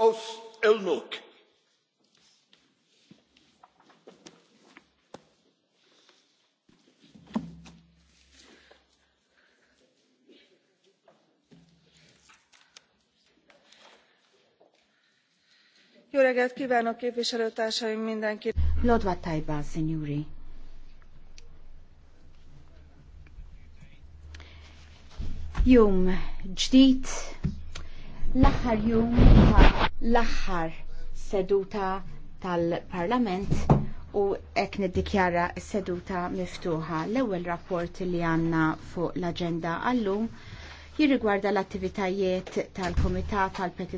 Os Elnuk. Jó reggelt kívánok képviselőtársaim mindenki! Lodva tajba, szenyúri! Jum ġdid, l-aħħar jum ta' l-aħħar seduta tal-Parlament u hekk niddikjara seduta miftuħa. L-ewwel rapport li għandna fuq l-aġenda għallum jirrigwarda l-attivitajiet tal-Kumitat tal-Petizzjoni